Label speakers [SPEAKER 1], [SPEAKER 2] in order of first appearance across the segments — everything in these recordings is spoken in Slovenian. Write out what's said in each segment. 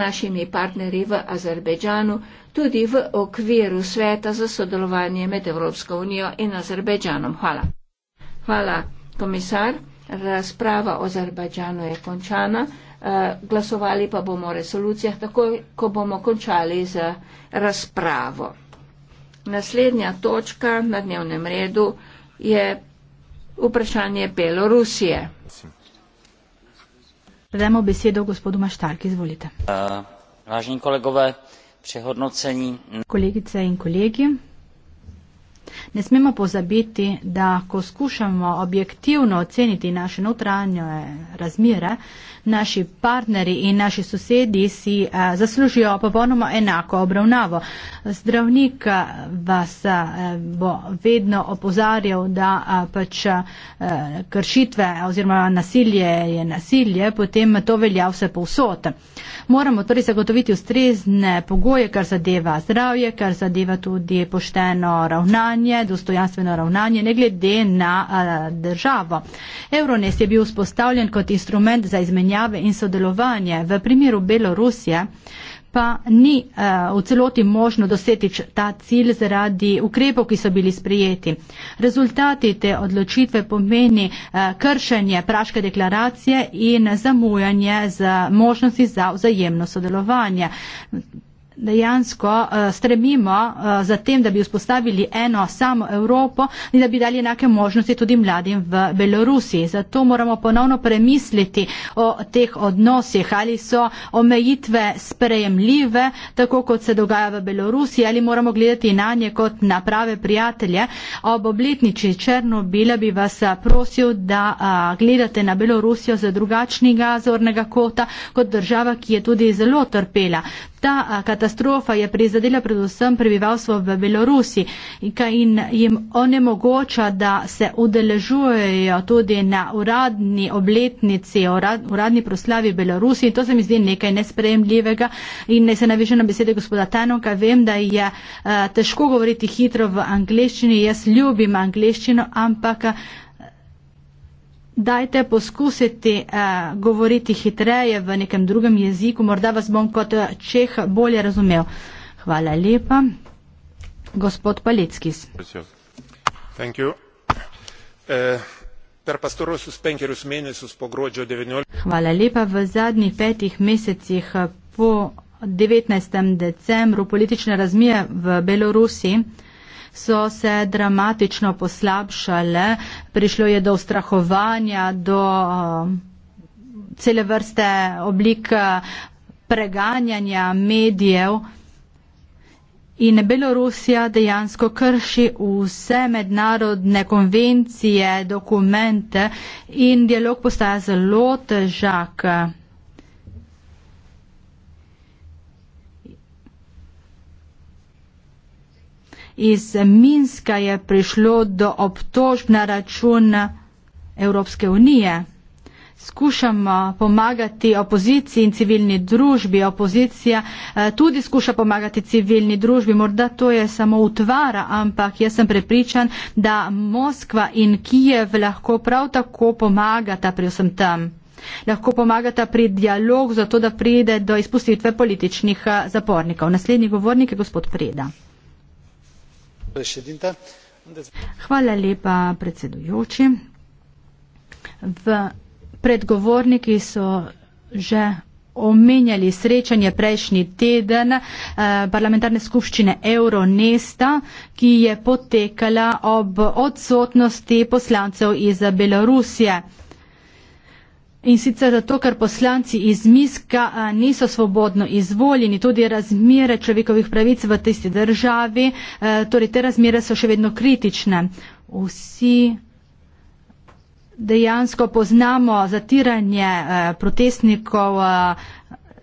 [SPEAKER 1] našimi partnerji v Azerbejdžanu, tudi v okviru sveta za sodelovanje med Evropsko unijo in Azerbejdžanom. Hvala. Hvala, komisar. Razprava o Azerbejdžanu je končana. Eh, glasovali pa bomo o resolucijah, tako ko bomo končali z razpravo. Naslednja točka na dnevnem redu je vprašanje Belorusije.
[SPEAKER 2] Sim. Predajmo besedo gospodu Maštarki, izvolite. Uh, eh,
[SPEAKER 1] vážni kolegove, prehodnocenji.
[SPEAKER 2] Kolegice in kolegi, Ne smemo pozabiti, da ko skušamo objektivno oceniti naše notranje razmere, naši partneri in naši sosedi si a, eh, zaslužijo popolnoma enako obravnavo. Zdravnik eh, vas a, eh, bo vedno opozarjal, da a, pač a, kršitve oziroma nasilje je nasilje, potem to velja vse povsod. Moramo torej zagotoviti ustrezne pogoje, kar zadeva zdravje, kar zadeva tudi pošteno ravnanje ravnanje, dostojanstveno ravnanje, ne glede na a, državo. Euronest je bil vzpostavljen kot instrument za izmenjave in sodelovanje. V primeru Belorusije pa ni a, v celoti možno doseči ta cilj zaradi ukrepov, ki so bili sprejeti. Rezultati te odločitve pomeni a, kršenje praške deklaracije in zamujanje z možnosti za vzajemno sodelovanje dejansko uh, stremimo uh, za tem, da bi vzpostavili eno samo Evropo in da bi dali enake možnosti tudi mladim v Belorusiji. Zato moramo ponovno premisliti o teh odnosih, ali so omejitve sprejemljive, tako kot se dogaja v Belorusiji, ali moramo gledati na nje kot na prave prijatelje. Ob obletnici Černobila bi vas eh, prosil, da uh, gledate na Belorusijo z drugačnega zornega kota kot država, ki je tudi zelo trpela. Ta katastrofa je prizadela predvsem prebivalstvo v Belorusi in jim onemogoča, da se udeležujejo tudi na uradni obletnici, uradni proslavi Belorusi in to se mi zdi nekaj nespremljivega in ne se navižem na besede gospoda Tanoka, vem, da je težko govoriti hitro v angleščini, jaz ljubim angleščino, ampak Dajte poskusiti eh, govoriti hitreje v nekem drugem jeziku, morda vas bom kot eh, Čeh bolje razumel. Hvala lepa. Gospod
[SPEAKER 3] Palickis. Eh,
[SPEAKER 2] Hvala lepa. V zadnjih petih mesecih eh, po 19. decembru politične razmije v Belorusiji so se dramatično poslabšale, prišlo je do ustrahovanja, do eh, cele vrste oblik eh, preganjanja medijev in Belorusija dejansko krši vse mednarodne konvencije, dokumente in dialog postaja zelo težak. iz Minska je prišlo do obtožb na račun Evropske unije. Skušamo pomagati opoziciji in civilni družbi. Opozicija eh, tudi skuša pomagati civilni družbi. Morda to je samo utvara, ampak jaz sem prepričan, da Moskva in Kijev lahko prav tako pomagata pri vsem tem. Lahko pomagata pri dialogu, zato da pride do izpustitve političnih eh, zapornikov. Naslednji govornik je gospod Preda. Hvala lepa predsedujoči. V predgovorniki so že omenjali srečanje prejšnji teden eh, parlamentarne skupščine Euronesta, ki je potekala ob odsotnosti poslancev iz Belorusije. In sicer zato, ker poslanci iz Miska niso svobodno izvoljeni, tudi razmere človekovih pravic v tisti državi, torej te razmere so še vedno kritične. Vsi dejansko poznamo zatiranje protestnikov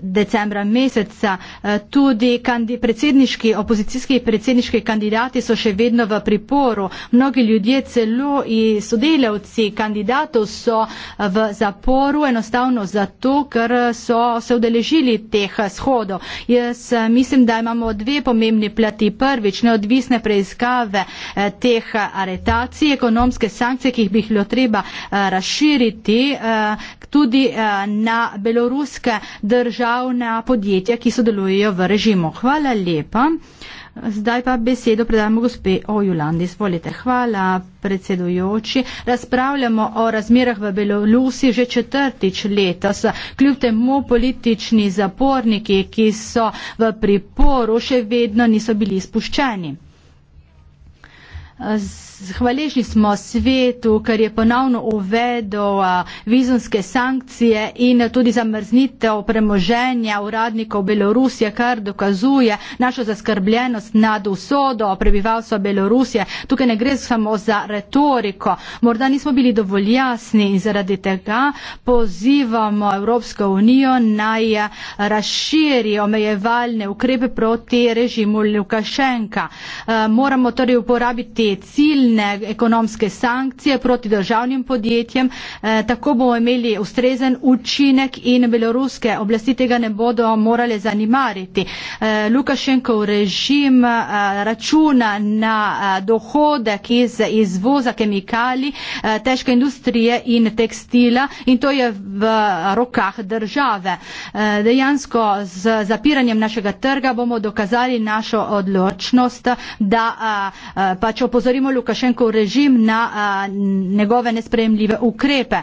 [SPEAKER 2] decembra meseca. Eh, tudi predsedniški, opozicijski predsedniški kandidati so še vedno v priporu. Mnogi ljudje celo in sodelavci kandidatov so eh, v zaporu enostavno zato, ker eh, so se udeležili teh shodov. Jaz mislim, da imamo dve pomembni plati. Prvič, neodvisne preiskave teh aretacij, ekonomske sankcije, ki jih bi jih bilo treba razširiti tudi na beloruske države državna podjetja, ki sodelujejo v režimu. Hvala lepa. Zdaj pa besedo predajamo gospe Ojulandi. Izvolite. Hvala, predsedujoči. Razpravljamo o razmerah v Belorusi že četrtič letos. Kljub temu politični zaporniki, ki so v priporu, še vedno niso bili izpuščeni. Hvaležni smo svetu, ker je ponovno uvedel vizonske sankcije in tudi zamrznitev premoženja uradnikov Belorusije, kar dokazuje našo zaskrbljenost nad usodo prebivalstva Belorusije. Tukaj ne gre samo za retoriko. Morda nismo bili dovolj jasni in zaradi tega pozivamo Evropsko unijo naj razširi omejevalne ukrepe proti režimu Lukašenka. Moramo torej uporabiti ciljne ekonomske sankcije proti državnim podjetjem. Eh, tako bomo imeli ustrezen učinek in beloruske oblasti tega ne bodo morali zanimariti. Eh, Lukašenkov režim eh, računa na dohodek iz izvoza kemikali, težke industrije in tekstila in to je v rokah države. Dejansko z zapiranjem našega trga bomo dokazali našo odločnost, da pač opozorimo opozorimo Lukašenko režim na a, njegove nespremljive ukrepe.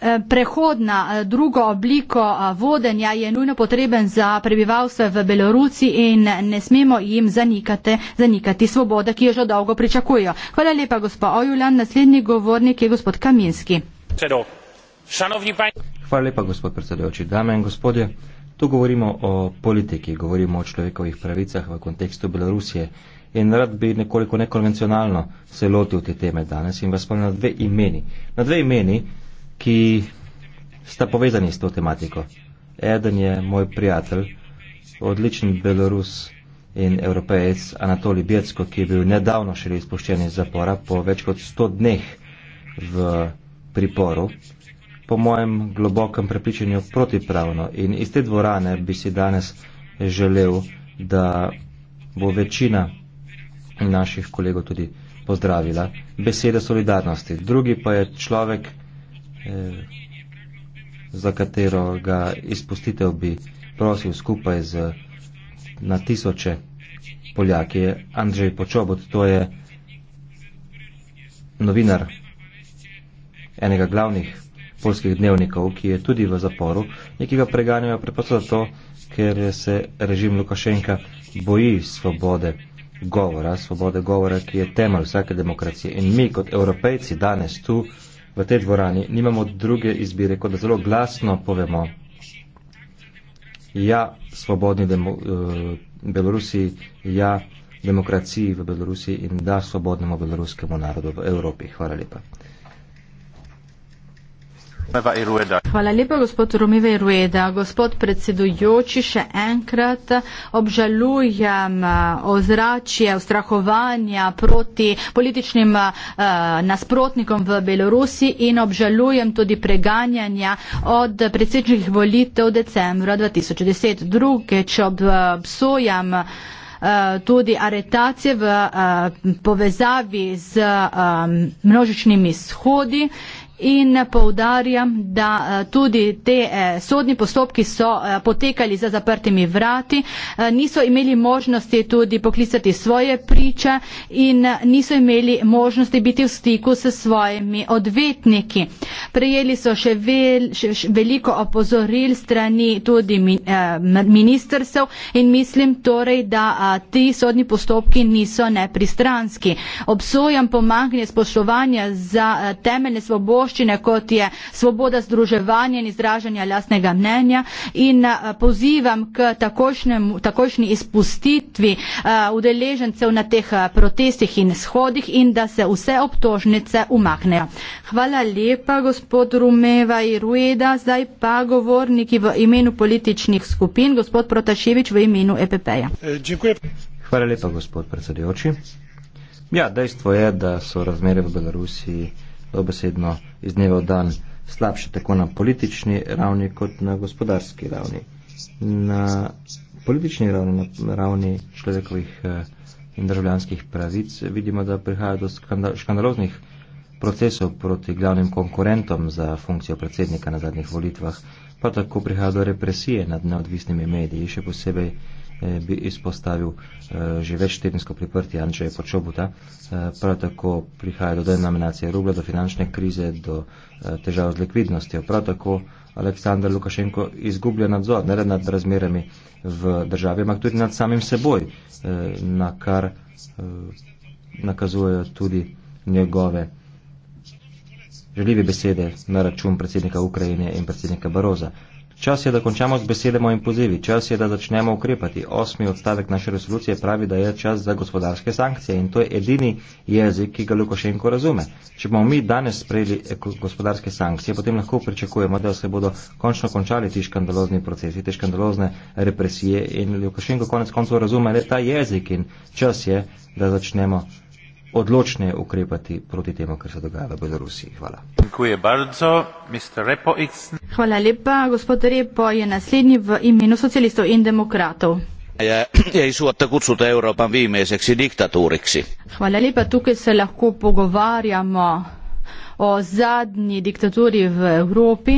[SPEAKER 2] E, Prehod na drugo obliko vodenja je nujno potreben za prebivalstvo v Belorusi in ne smemo jim zanikate, zanikati svobode, ki jo že dolgo pričakujejo. Hvala lepa, gospod Ojulan. Naslednji govornik je gospod Kaminski.
[SPEAKER 3] Hvala lepa, gospod predsedujoči. Dame in gospodje, tu govorimo o politiki, govorimo o človekovih pravicah v kontekstu Belorusije in rad bi nekoliko nekonvencionalno se lotil te teme danes in vas spomnim na dve imeni. Na dve imeni, ki sta povezani s to tematiko. Eden je moj prijatelj, odličen Belorus in evropejec Anatoli Bjecko, ki je bil nedavno šele izpuščen iz zapora po več kot 100 dneh v priporu, po mojem globokem prepričanju protipravno. In iz te dvorane bi si danes želel, da bo večina naših kolegov tudi pozdravila. Beseda solidarnosti. Drugi pa je človek, eh, za katerega izpustitev bi prosil skupaj z na tisoče Poljaki. Andrzej Počobot, to je novinar enega glavnih polskih dnevnikov, ki je tudi v zaporu in ki ga preganjajo preprosto zato, ker se režim Lukašenka boji svobode govora, svobode govora, ki je temelj vsake demokracije. In mi kot evropejci danes tu v tej dvorani nimamo druge izbire, kot da zelo glasno povemo, ja svobodni demo, uh, Belorusiji, ja demokraciji v Belorusiji in da svobodnemu beloruskemu narodu v Evropi. Hvala lepa.
[SPEAKER 2] Hvala lepa, gospod Romive Rueda. Gospod predsedujoči, še enkrat obžalujem eh, ozračje, ustrahovanja proti političnim eh, nasprotnikom v Belorusiji in obžalujem tudi preganjanja od predsedničnih volitev decembra 2010. Druge, če obsojam eh, tudi aretacije v povezavi z množičnimi shodi In poudarjam, da eh, tudi te eh, sodni postopki so eh, potekali za zaprtimi vrati, niso imeli možnosti tudi poklicati svoje priče in niso imeli možnosti biti v stiku s svojimi odvetniki. Prejeli so še, vel, še, še veliko opozoril strani tudi ministrstev in mislim torej, da ti sodni postopki niso nepristranski. Obsojam pomagnje spoštovanja za temeljne svobode svoboščine, kot je svoboda združevanja in izražanja jasnega mnenja in eh, pozivam k takošnji izpustitvi eh, udeležencev na teh eh, protestih in shodih in da se vse obtožnice umaknejo. Hvala lepa, gospod Rumeva i Rueda. Zdaj pa govorniki v imenu političnih skupin, gospod Protaševič v imenu EPP-ja.
[SPEAKER 3] Hvala lepa, gospod predsedujoči. Ja, dejstvo je, da so razmere v Belorusiji dobesedno iz dneva v dan slabše tako na politični ravni kot na gospodarski ravni. Na politični ravni, na ravni človekovih eh, in državljanskih pravic vidimo, da prihaja do škandaloznih procesov proti glavnim konkurentom za funkcijo predsednika na zadnjih volitvah, pa tako prihaja do represije nad neodvisnimi mediji, še posebej Eh, bi izpostavil eh, že več tedensko priprti Andreja Počobuta. Eh, prav tako prihaja do denominacije rubla, do finančne krize, do težav z likvidnostjo. Prav tako Aleksandar Lukašenko izgublja nadzor, ne nad razmerami v državi, ampak tudi nad samim seboj, na kar nakazujejo tudi njegove želive besede na račun predsednika Ukrajine in predsednika Baroza. Čas je, da končamo z besedemo in pozivi. Čas je, da začnemo ukrepati. Osmi odstavek naše resolucije pravi, da je čas za gospodarske sankcije in to je edini jezik, ki ga Lukašenko razume. Če bomo mi danes sprejeli eh, gospodarske sankcije, potem lahko pričakujemo, da se bodo končno končali ti škandalozni procesi, te škandalozne represije in Lukašenko konec koncev razume le ta jezik in čas je, da začnemo ukrepati odločne ukrepati proti temu, kar se dogaja v Belorusiji. Hvala.
[SPEAKER 2] Hvala lepa. Gospod Repo je naslednji v imenu socialistov in demokratov.
[SPEAKER 3] Ja, ja,
[SPEAKER 2] Hvala lepa. Tukaj se lahko pogovarjamo o zadnji diktaturi v Evropi.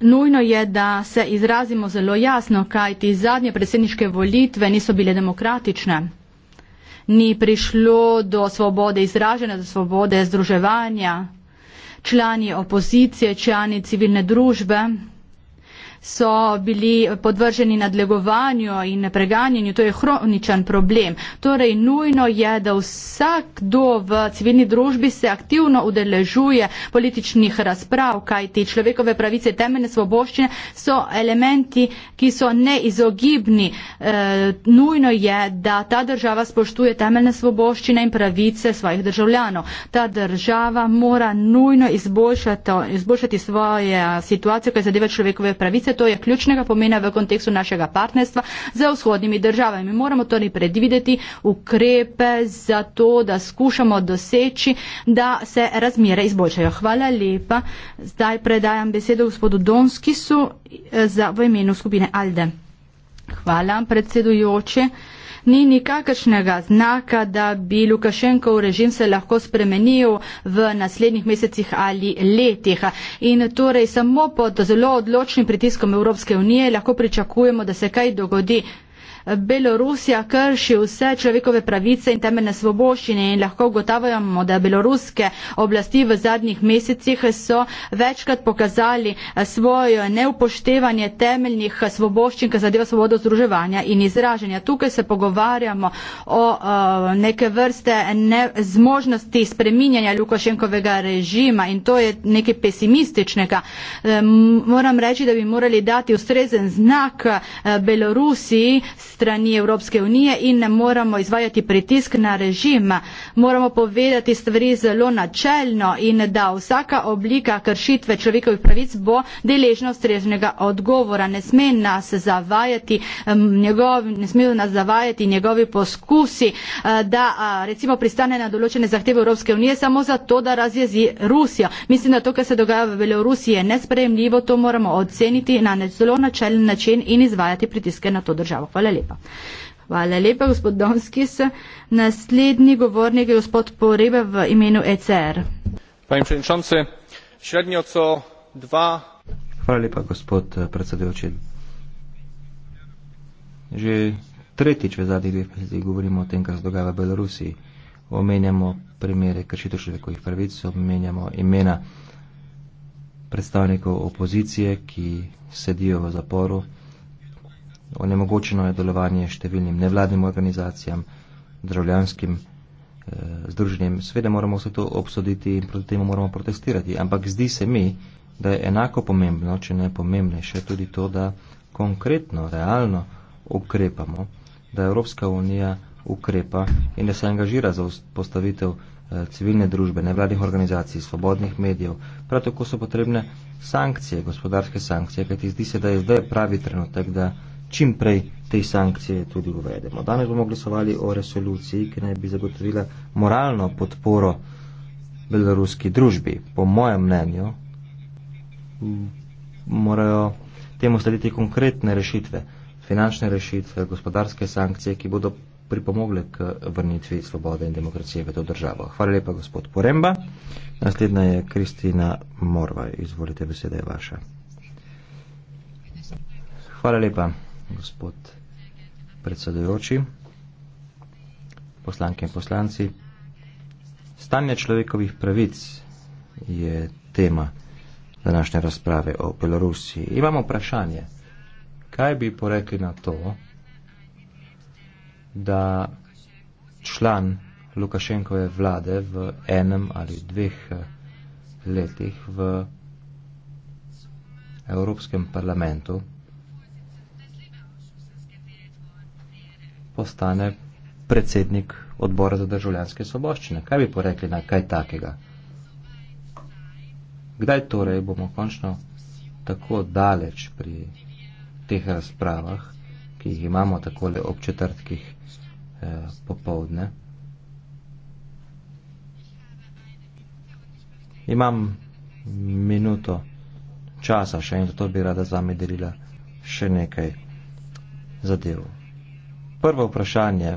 [SPEAKER 2] Nujno je, da se izrazimo zelo jasno, kajti zadnje predsedniške volitve niso bile demokratične ni prišlo do svobode izražanja, do svobode združevanja. Člani opozicije, člani civilne družbe, so bili podvrženi nadlegovanju in preganjanju. To je hroničen problem. Torej, nujno je, da vsakdo v civilni družbi se aktivno udeležuje političnih razprav, kajti človekove pravice, temeljne svoboščine so elementi, ki so neizogibni. E, nujno je, da ta država spoštuje temeljne svoboščine in pravice svojih državljanov. Ta država mora nujno izboljšati, izboljšati svoje situacije, kaj zadeva človekove pravice veste, to je ključnega pomena v kontekstu našega partnerstva z vzhodnimi državami. Moramo torej predvideti ukrepe za to, da skušamo doseči, da se razmere izboljšajo. Hvala lepa. Zdaj predajam besedo gospodu Donskisu eh, za, v imenu skupine Alde. Hvala predsedujoče ni nikakršnega znaka, da bi Lukašenkov režim se lahko spremenil v naslednjih mesecih ali letih. In torej samo pod zelo odločnim pritiskom Evropske unije lahko pričakujemo, da se kaj dogodi. Belorusija krši vse človekove pravice in temeljne svoboščine in lahko ugotavljamo, da beloruske oblasti v zadnjih mesecih so večkrat pokazali eh, svojo neupoštevanje temeljnih eh, svoboščin, kar zadeva svobodo združevanja in izraženja. Tukaj se pogovarjamo o eh, neke vrste nezmožnosti spreminjanja Lukašenkovega režima in to je nekaj pesimističnega. Moram reči, da bi morali dati ustrezen znak Belorusiji, strani Evropske unije in ne moramo izvajati pritisk na režim. Moramo povedati stvari zelo načelno in da vsaka oblika kršitve človekovih pravic bo deležna ustreznega odgovora. Ne sme nas zavajati, njegov, ne sme nas zavajati njegovi poskusi, eh, da recimo pristane na določene zahteve Evropske unije samo zato, da razjezi Rusijo. Mislim, da to, kar se dogaja v Belorusiji, je nesprejemljivo. To moramo oceniti na zelo načelen način in izvajati pritiske na to državo. Hvala lepa lepa. Hvala lepa, gospod Donskis. Naslednji govornik je gospod Poreba v imenu ECR.
[SPEAKER 3] Panie przewodniczący, średnio co dwa. Hvala lepa, gospod eh, predsedujoči. Že tretjič v zadnjih dveh mesecih govorimo o tem, kar se dogaja v Belorusiji. Omenjamo primere kršitev človekovih pravic, omenjamo imena predstavnikov opozicije, ki sedijo v zaporu onemogočeno je delovanje številnim nevladnim organizacijam, državljanskim eh, združenjem. Sveda moramo vse to obsoditi in proti temu moramo protestirati, ampak zdi se mi, da je enako pomembno, če ne pomembnejše, tudi to, da konkretno, realno ukrepamo, da Evropska unija ukrepa in da se angažira za postavitev eh, civilne družbe, nevladnih organizacij, svobodnih medijev. Prav tako so potrebne sankcije, gospodarske sankcije, kajti zdi se, da je zdaj pravi trenutek, da čim prej te sankcije tudi uvedemo. Danes bomo glasovali o resoluciji, ki naj bi zagotovila moralno podporo beloruski družbi. Po mojem mnenju morajo temu slediti konkretne rešitve, finančne rešitve, gospodarske sankcije, ki bodo pripomogle k vrnitvi svobode in demokracije v to državo. Hvala lepa, gospod Poremba. Naslednja je Kristina Morva. Izvolite, beseda je vaša. Hvala lepa gospod predsedujoči, poslanke in poslanci. Stanje človekovih pravic je tema današnje razprave o Belorusiji. Imamo vprašanje, kaj bi porekli na to, da član Lukašenkove vlade v enem ali dveh eh, letih v Evropskem parlamentu postane predsednik odbora za državljanske soboščine. Kaj bi porekli na kaj takega? Kdaj torej bomo končno tako daleč pri teh razpravah, ki jih imamo takole ob četrtkih eh, popovdne? Imam minuto časa še in zato bi rada z vami delila še nekaj zadev prvo vprašanje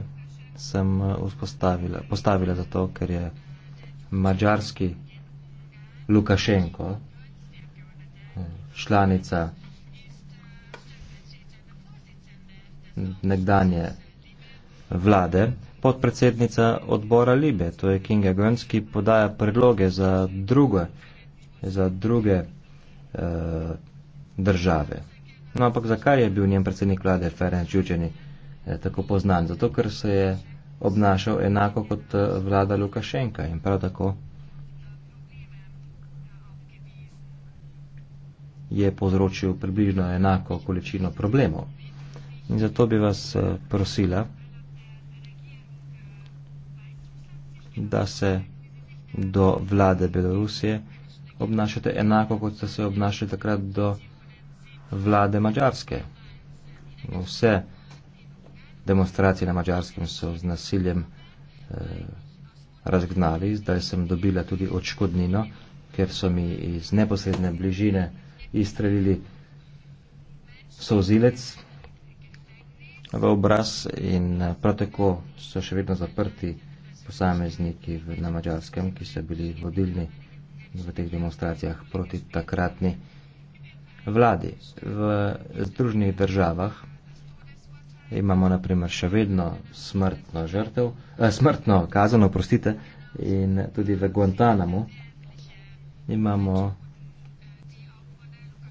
[SPEAKER 3] sem eh, postavila zato, ker je mađarski Lukašenko, eh, članica nekdanje vlade, podpredsednica odbora Libe, to je Kinga Gönc, ki podaja predloge za druge, za druge eh, države. No, ampak zakaj je bil njen predsednik vlade Ferenc Žučeni? Eh, tako poznan, zato ker se je obnašal enako kot eh, vlada Lukašenka in prav tako je povzročil približno enako količino problemov. In zato bi vas eh, prosila, da se do vlade Belorusije obnašate enako, kot ste se obnašali takrat do vlade Mačarske. Vse vse demonstracije na Mačarskem so z nasiljem eh, razgnali, zdaj sem dobila tudi odškodnino, ker so mi iz neposredne bližine izstrelili solzilec v obraz in eh, prav tako so še vedno zaprti posamezniki v, na Mačarskem, ki so bili vodilni v teh demonstracijah proti takratni vladi. V Združenih državah imamo naprimer še vedno smrtno žrtev, eh, smrtno kazano, prostite, in tudi v Guantanamu imamo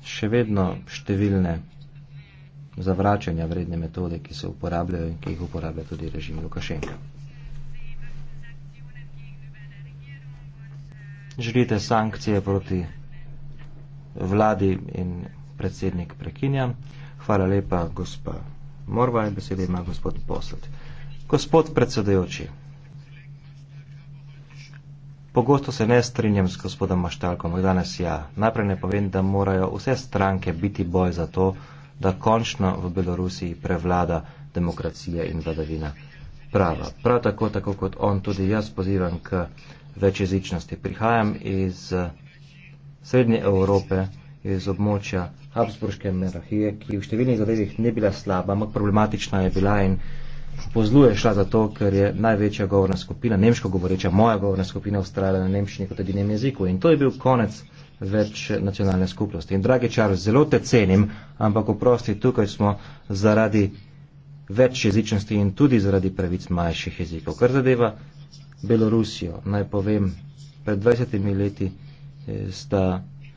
[SPEAKER 3] še vedno številne zavračanja vredne metode, ki se uporabljajo in ki jih uporablja tudi režim Lukašenka. Želite sankcije proti vladi in predsednik prekinja. Hvala lepa, gospa. Morvaj, besede ima gospod Posled. Gospod predsedajoči, pogosto se ne strinjam s gospodom Maštalkom, danes ja. Najprej ne povem, da morajo vse stranke biti boj za to, da končno v Belorusiji prevlada demokracija in vladavina prava. Prav tako, tako kot on, tudi jaz pozivam k večjezičnosti. Prihajam iz eh, srednje Evrope, iz območja Habsburške monarhije, ki v številnih zadevih ni bila slaba, ampak problematična je bila in pozluje šla zato, ker je največja govorna skupina, nemško govoreča, moja govorna skupina ustrajala na nemščini kot edinem jeziku. In to je bil konec več nacionalne skupnosti. In dragi Charles, zelo te cenim, ampak oprosti, tukaj smo zaradi več jezičnosti in tudi zaradi pravic manjših jezikov. Kar zadeva Belorusijo, naj povem, pred 20 leti eh, sta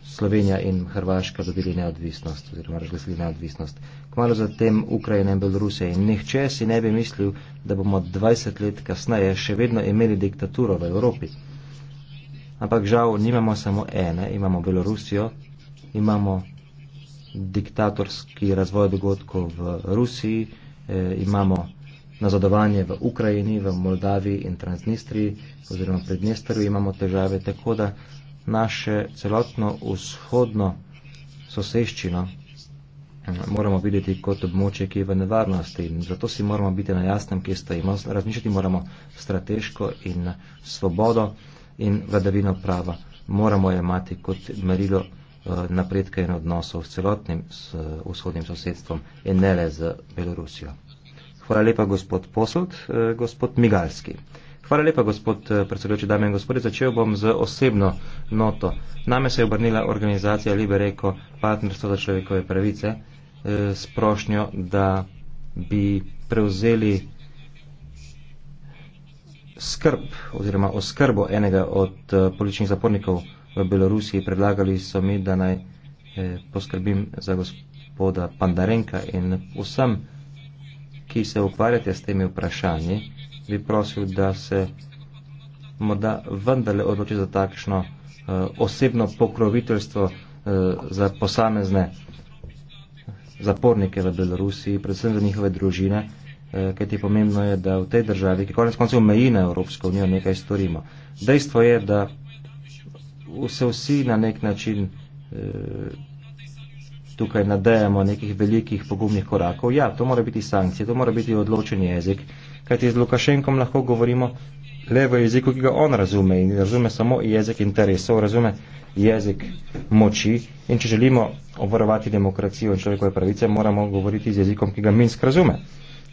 [SPEAKER 3] Slovenija in Hrvaška dobili neodvisnost, oziroma razglasili neodvisnost. Kmalo zatem Ukrajina in Belorusija. In nihče si ne bi mislil, da bomo 20 let kasneje še vedno imeli diktaturo v Evropi. Ampak žal nimamo samo ene, imamo Belorusijo, imamo diktatorski razvoj dogodkov v Rusiji, eh, imamo nazadovanje v Ukrajini, v Moldaviji in Transnistriji, oziroma v Prednestru imamo težave, tako da naše celotno vzhodno soseščino moramo videti kot območje, ki je v nevarnosti in zato si moramo biti na jasnem, kje stojimo. Razmišljati moramo strateško in svobodo in vladavino prava. Moramo je imati kot merilo eh, napredka in odnosov s celotnim vzhodnim sosedstvom in ne le z Belorusijo. Hvala lepa, gospod Posod, eh, gospod Migalski. Hvala lepa, gospod eh, predsedujoči dame in gospodje. Začel bom z osebno noto. Name se je obrnila organizacija Libereko partnerstvo za človekove pravice eh, s prošnjo, da bi prevzeli skrb oziroma oskrbo enega od eh, političnih zapornikov v Belorusiji. Predlagali so mi, da naj poskrbim za gospoda Pandarenka in vsem, ki se ukvarjate s temi vprašanji bi prosil, da se morda vendarle odloči za takšno uh, osebno pokroviteljstvo uh, za posamezne zapornike v Belorusiji, predvsem za njihove družine, uh, kajti pomembno je, da v tej državi, ki konec koncev meji na Evropsko unijo, nekaj storimo. Dejstvo je, da se vsi na nek način uh, tukaj nadejamo nekih velikih pogumnih korakov. Ja, to mora biti sankcije, to mora biti odločen jezik. Uh, kajti z Lukašenkom lahko govorimo le v jeziku, ki ga on razume in razume samo jezik interesov, razume jezik moči in če želimo obvarovati demokracijo in človekove pravice, moramo govoriti z jezikom, ki ga Minsk razume.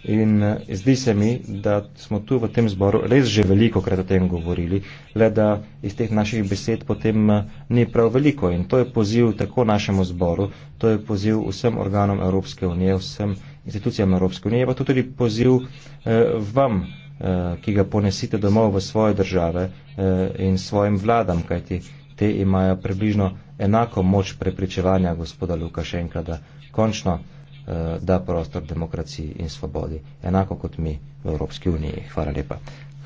[SPEAKER 3] In eh, zdi se mi, da smo tu v tem zboru res že veliko krat o tem govorili, le da iz teh naših besed potem eh, ni prav veliko. In to je poziv tako našemu zboru, to je poziv vsem organom Evropske unije, vsem institucijam Evropske unije, pa tudi poziv eh, vam, eh, ki ga ponesite domov v svoje države eh, in svojim vladam, kajti te imajo približno enako moč prepričevanja gospoda Lukašenka, da končno. Eh, da prostor demokraciji in svobodi, enako kot mi v Evropski uniji. Hvala lepa.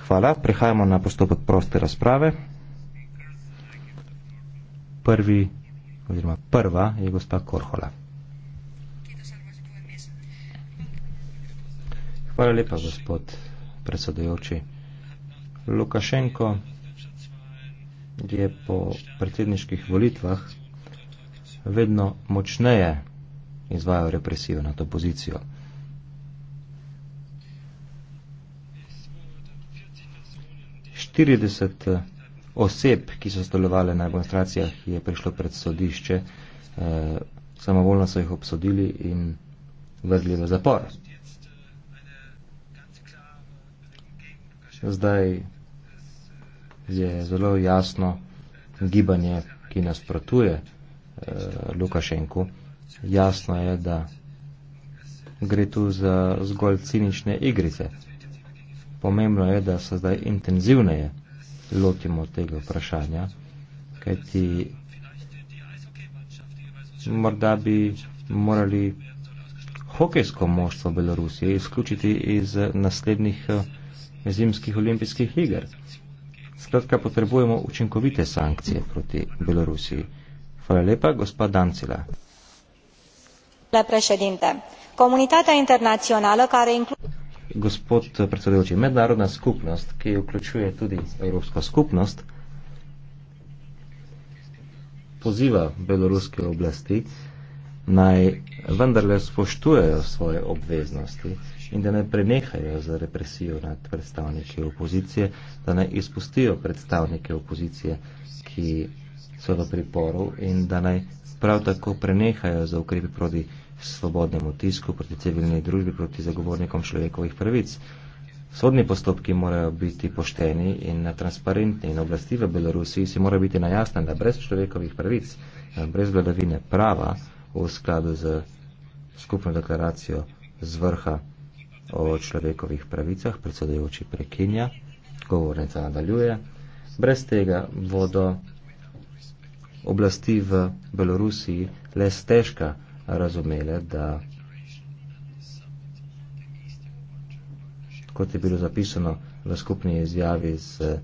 [SPEAKER 3] Hvala. Prehajamo na postopek proste razprave. Prvi, oziroma prva je gospa Korhola. Hvala lepa, gospod predsedujoči. Lukašenko je po predsedniških volitvah vedno močneje izvajo represijo na to pozicijo. Štirideset eh, oseb, ki so stolovali na demonstracijah, je prišlo pred sodišče, eh, samovoljno so jih obsodili in vrgli v zapor. Zdaj je zelo jasno gibanje, ki nasprotuje eh, Lukašenku. Jasno je, da gre tu za zgolj cinične igrice. Pomembno je, da se zdaj intenzivneje lotimo tega vprašanja, kajti morda bi morali hokejsko moštvo Belorusije izključiti iz naslednjih eh, zimskih olimpijskih iger. Skratka, potrebujemo učinkovite sankcije proti Belorusiji. Hvala lepa, gospod Dancila.
[SPEAKER 1] Comunitatea internațională care include
[SPEAKER 3] gospod predsedujoči, mednarodna skupnost, ki vključuje tudi evropsko skupnost, poziva beloruske oblasti naj vendarle spoštujejo svoje obveznosti in da ne prenehajo za represijo nad predstavniki opozicije, da naj izpustijo predstavnike opozicije, ki so v priporu in da naj prav tako prenehajo za ukrepe proti svobodnemu tisku, proti civilni družbi, proti zagovornikom človekovih pravic. Sodni postopki morajo biti pošteni in transparentni in oblasti v Belorusiji si mora biti najjasne, da brez človekovih pravic, brez vladavine prava v skladu z skupno deklaracijo z vrha o človekovih pravicah, predsedujoči prekinja, govornica nadaljuje, brez tega bodo oblasti v Belorusiji le stežka razumele, da kot je bilo zapisano v skupni izjavi z, eh,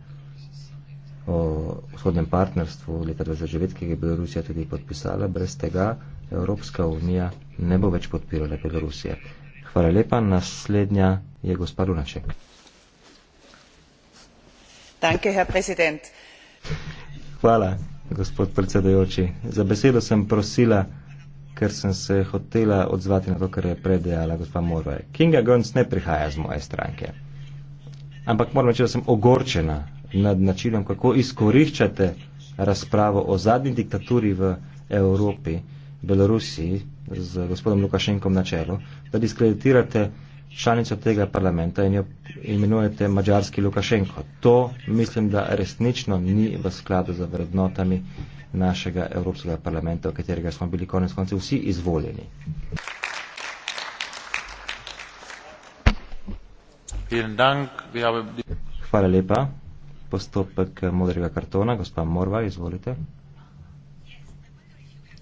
[SPEAKER 3] o vzhodnem partnerstvu leta 2009, ki je Belorusija tudi podpisala, brez tega Evropska unija ne bo več podpirala Belorusije. Hvala lepa, naslednja je gospod Lunaček.
[SPEAKER 1] Danke, herr Präsident.
[SPEAKER 3] Hvala, gospod predsedujoči. Za besedo sem prosila ker sem se hotela odzvati na to, kar je predejala gospa Morvaj. Kinga Gons ne prihaja z moje stranke. Ampak moram reči, da sem ogorčena nad načinom, kako izkoriščate razpravo o zadnji diktaturi v Evropi, Belorusiji, z gospodom Lukašenkom na čelu, da diskreditirate članico tega parlamenta in jo imenujete Mačarski Lukašenko. To mislim, da resnično ni v skladu z vrednotami, našega Evropskega parlamenta, v katerega smo bili konec koncev vsi izvoljeni. Hvala lepa. Postopek eh, modrega kartona, gospa Morva, izvolite.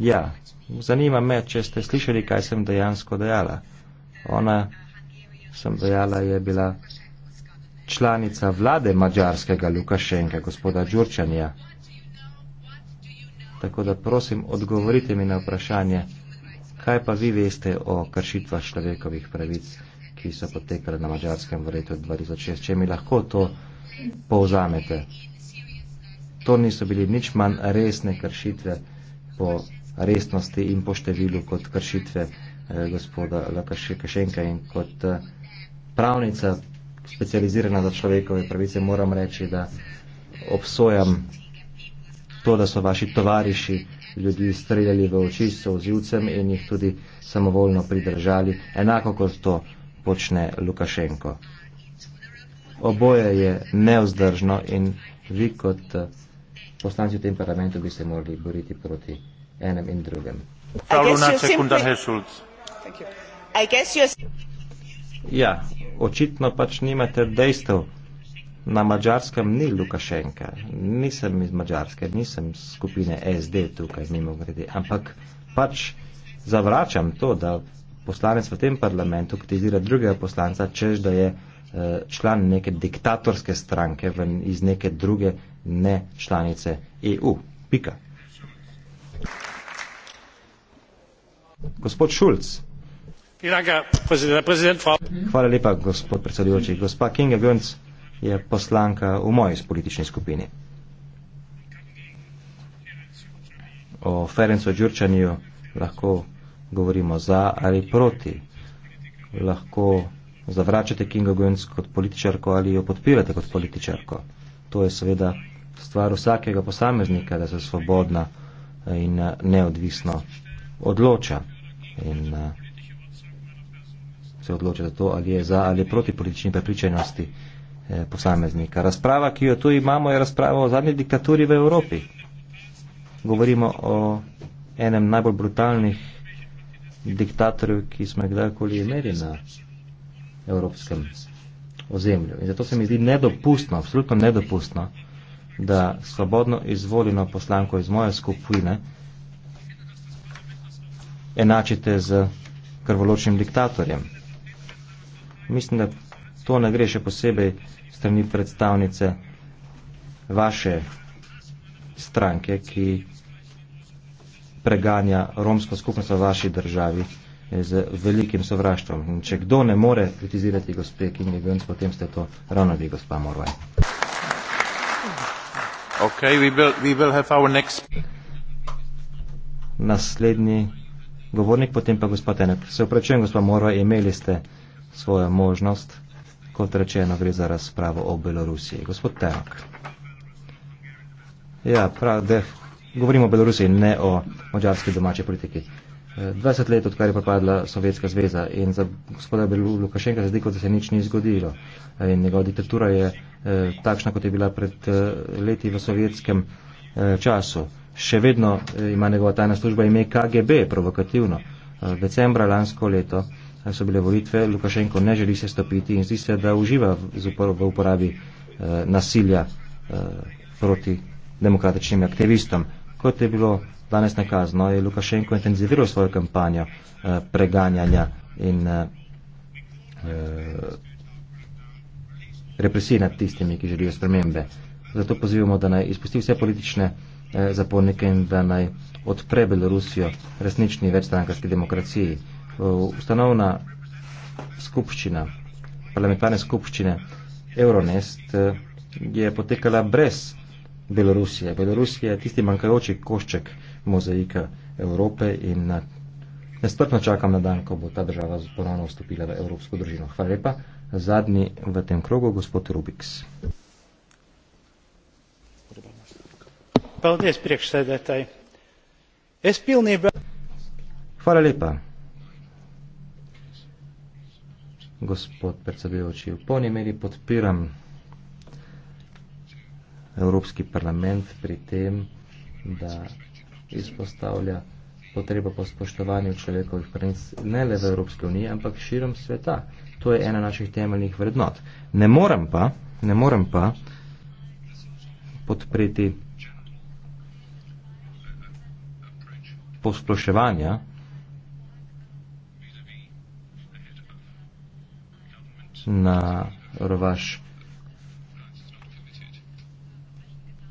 [SPEAKER 3] Ja, zanima me, če ste slišali, kaj sem dejansko dejala. Ona, sem dejala, je bila članica vlade mađarskega Lukašenka, gospoda Đurčanja tako da prosim, odgovorite mi na vprašanje, kaj pa vi veste o kršitvah človekovih pravic, ki so potekale na Mačarskem v letu 2006, če mi lahko to povzamete. To niso bili nič manj resne kršitve po resnosti in po številu kot kršitve eh, gospoda Lakašenka in kot eh, pravnica specializirana za človekove pravice moram reči, da obsojam to, da so vaši tovariši ljudi streljali v oči s ozivcem in jih tudi samovoljno pridržali, enako kot to počne Lukašenko. Oboje je neozdržno in vi kot eh, poslanci v tem parlamentu bi se morali boriti proti enem in drugem. Ja, očitno pač nimate dejstev. Na mačarskem ni Lukašenka, nisem iz Mačarske, nisem skupine SD tukaj, mimo grede. Ampak pač zavračam to, da poslanec v tem parlamentu kritizira drugega poslanca, čež da je eh, član neke diktatorske stranke iz neke druge ne članice EU. Pika. Gospod Šulc. Hvala lepa, gospod predsedujoči. Gospa Kinga Gönc je poslanka v moji politični skupini. O Ferencu Đurčanju lahko govorimo za ali proti. Lahko zavračate Kinga Gunc kot političarko ali jo podpirate kot političarko. To je seveda stvar vsakega posameznika, da se svobodna in neodvisno odloča in se odloča za to, ali je za ali proti politični prepričanosti. Eh, posameznika. Razprava, ki jo tu imamo, je razprava o zadnji diktaturi v Evropi. Govorimo o enem najbolj brutalnih diktatorjev, ki smo kdajkoli imeli na evropskem ozemlju. In zato se mi zdi nedopustno, absolutno nedopustno, da svobodno izvoljeno poslanko iz moje skupine enačite z krvoločnim diktatorjem. Mislim, da to ne gre še posebej strani predstavnice vaše stranke, ki preganja romsko skupnost v vaši državi eh, z velikim sovraštvom. In če kdo ne more kritizirati gospe Kinje Gönc, potem ste to ravno vi, gospa Morvaj.
[SPEAKER 2] Okay, we will, we will have our next...
[SPEAKER 3] Naslednji govornik, potem pa gospod Tenek. Se opračujem, gospa Morvaj, imeli ste svojo možnost kot rečeno, gre za razpravo o Belorusiji. Gospod Tevak. Ja, prav, da govorimo o Belorusiji, ne o mačarski domači politiki. 20 e, let, odkar je propadla Sovjetska zveza in za gospoda Lukašenka se zdi, kot da se nič ni zgodilo. E, in njegova diktatura je eh, takšna, kot je bila pred eh, leti v sovjetskem eh, času. Še vedno eh, ima njegova tajna služba ime KGB, provokativno. Eh, decembra lansko leto so bile volitve, Lukašenko ne želi se stopiti in zdi se, da uživa v uporabi eh, nasilja eh, proti demokratičnim aktivistom. Kot je bilo danes nakazno, je Lukašenko intenziviral svojo kampanjo eh, preganjanja in eh, eh, represij nad tistimi, ki želijo spremembe. Zato pozivamo, da naj izpusti vse politične eh, zapornike in da naj odpre Belorusijo resnični večstrankarski demokraciji. Eh, ustanovna skupščina, parlamentarne skupščine Euronest eh, je potekala brez Belorusije. Belorusija je tisti manjkajoči košček mozaika Evrope in nestrpno čakam na dan, ko bo ta država ponovno vstopila v evropsko družino. Hvala lepa. Zadnji v tem krogu, gospod Rubiks. Hvala lepa. gospod predsedujoči. V polni meri podpiram Evropski parlament pri tem, da izpostavlja potrebo po spoštovanju človekovih pravic ne le v Evropski uniji, ampak širom sveta. To je ena naših temeljnih vrednot. Ne morem pa, ne morem pa podpreti posploševanja na rovaš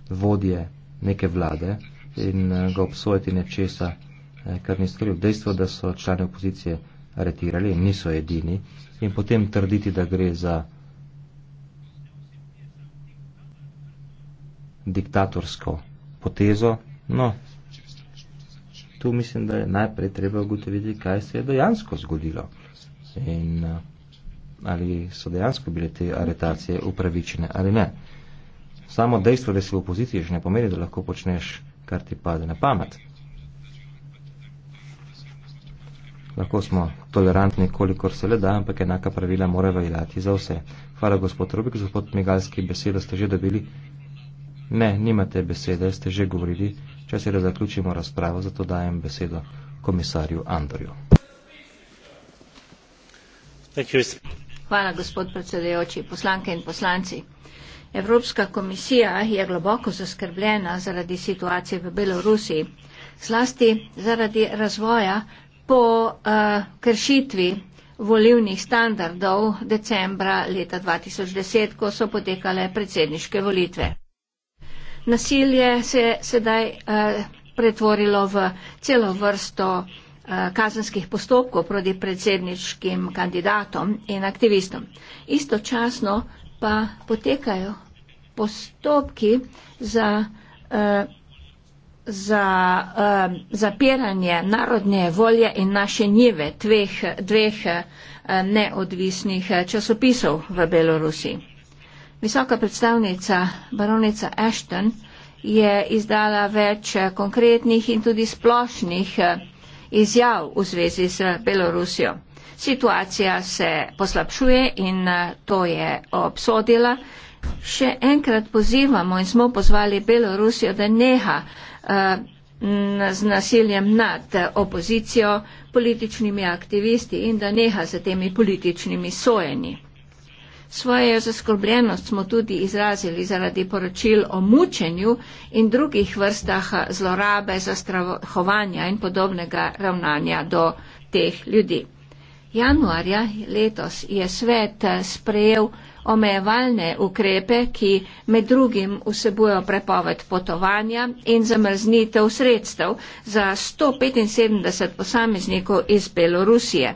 [SPEAKER 3] vodje neke vlade in eh, ga obsojiti nečesa, eh, kar ni storil. Dejstvo, da so člani opozicije aretirali in niso edini in potem trditi, da gre za diktatorsko potezo, no, tu mislim, da je najprej treba ugotoviti, kaj se je dejansko zgodilo. In uh, ali so dejansko bile te aretacije upravičene ali ne. Samo dejstvo, da si v opoziciji, že ne pomeni, da lahko počneš, kar ti pade na pamet. Lahko smo tolerantni, kolikor se le da, ampak enaka pravila mora veljati za vse. Hvala, gospod Rubik, gospod Migalski, besedo ste že dobili. Ne, nimate besede, ste že govorili. Če se le zaključimo razpravo, zato dajem besedo komisarju Andorju.
[SPEAKER 1] Thank you. Hvala, gospod predsedujoči, poslanke in poslanci. Evropska komisija je globoko zaskrbljena zaradi situacije v Belorusiji, zlasti zaradi razvoja po uh, kršitvi volivnih standardov decembra leta 2010, ko so potekale predsedniške volitve. Nasilje se je sedaj uh, pretvorilo v celo vrsto uh, Eh, kazenskih postopkov proti predsedniškim kandidatom in aktivistom. Istočasno pa potekajo postopki za, uh, za uh, zapiranje narodne volje in naše njive tveh, dveh uh, neodvisnih časopisov v Belorusiji. Visoka predstavnica baronica Ashton je izdala več konkretnih in tudi splošnih uh, izjav v zvezi z Belorusijo. Situacija se poslabšuje in eh, to je obsodila. Še enkrat pozivamo in smo pozvali Belorusijo, da neha eh, z nasiljem nad eh, opozicijo, političnimi aktivisti in da neha z temi političnimi sojenji. Svojo zaskrbljenost smo tudi izrazili zaradi poročil o mučenju in drugih vrstah zlorabe, zastrahovanja in podobnega ravnanja do teh ljudi. Januarja letos je svet eh, sprejel omejevalne ukrepe, ki med drugim vsebujejo prepoved potovanja in zamrznitev sredstev za 175 posameznikov iz Belorusije.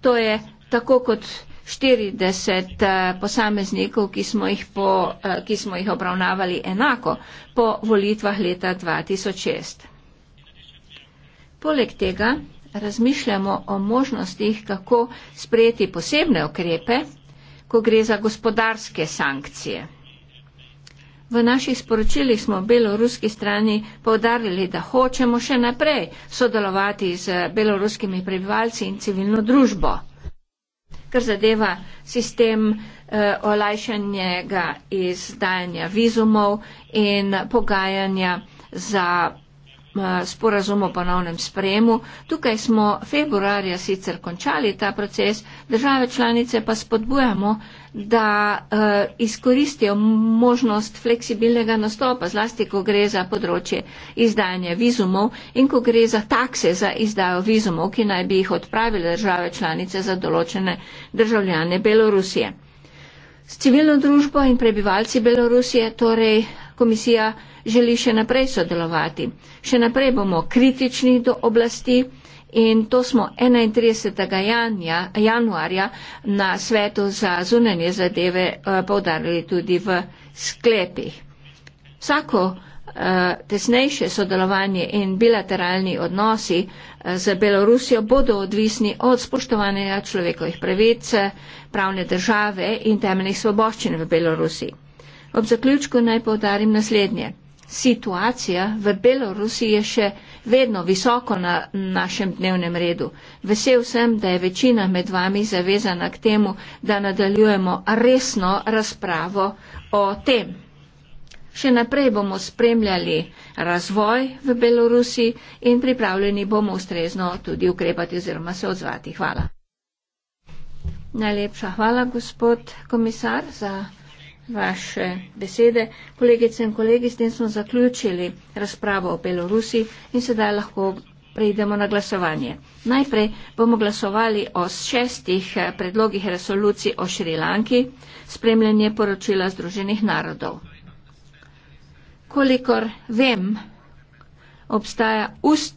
[SPEAKER 1] To je tako kot 40 eh, posameznikov, ki smo, jih po, eh, ki smo jih obravnavali enako po volitvah leta 2006. Poleg tega razmišljamo o možnostih, kako sprejeti posebne okrepe, ko gre za gospodarske sankcije. V naših sporočilih smo beloruski strani povdarili, da hočemo še naprej sodelovati z beloruskimi prebivalci in civilno družbo kar zadeva sistem eh, olajšanjega izdajanja vizumov in pogajanja za Eh, sporazum o ponovnem sprejemu. Tukaj smo februarja sicer končali ta proces, države članice pa spodbujamo, da eh, izkoristijo možnost fleksibilnega nastopa, zlasti ko gre za področje izdajanja vizumov in ko gre za takse za izdajo vizumov, ki naj bi jih odpravile države članice za določene državljane Belorusije. S civilno družbo in prebivalci Belorusije torej komisija želi še naprej sodelovati. Še naprej bomo kritični do oblasti in to smo 31. Janja, januarja na svetu za zunanje zadeve eh, povdarili tudi v sklepih. Vsako eh, tesnejše sodelovanje in bilateralni odnosi eh, z Belorusijo bodo odvisni od spoštovanja človekovih pravic, pravne države in temeljnih svoboščin v Belorusiji. Ob zaključku naj povdarim naslednje. Situacija v Belorusiji je še vedno visoko na našem dnevnem redu. Vesel sem, da je večina med vami zavezana k temu, da nadaljujemo resno razpravo o tem. Še naprej bomo spremljali razvoj v Belorusiji in pripravljeni bomo ustrezno tudi ukrepati oziroma se odzvati. Hvala. Najlepša hvala, gospod komisar, za vaše besede. Kolegice in kolegi, s tem smo zaključili razpravo o Belorusi in sedaj lahko preidemo na glasovanje. Najprej bomo glasovali o šestih eh, predlogih resolucij o Šrilanki, spremljanje poročila Združenih narodov. Kolikor vem, obstaja ustni.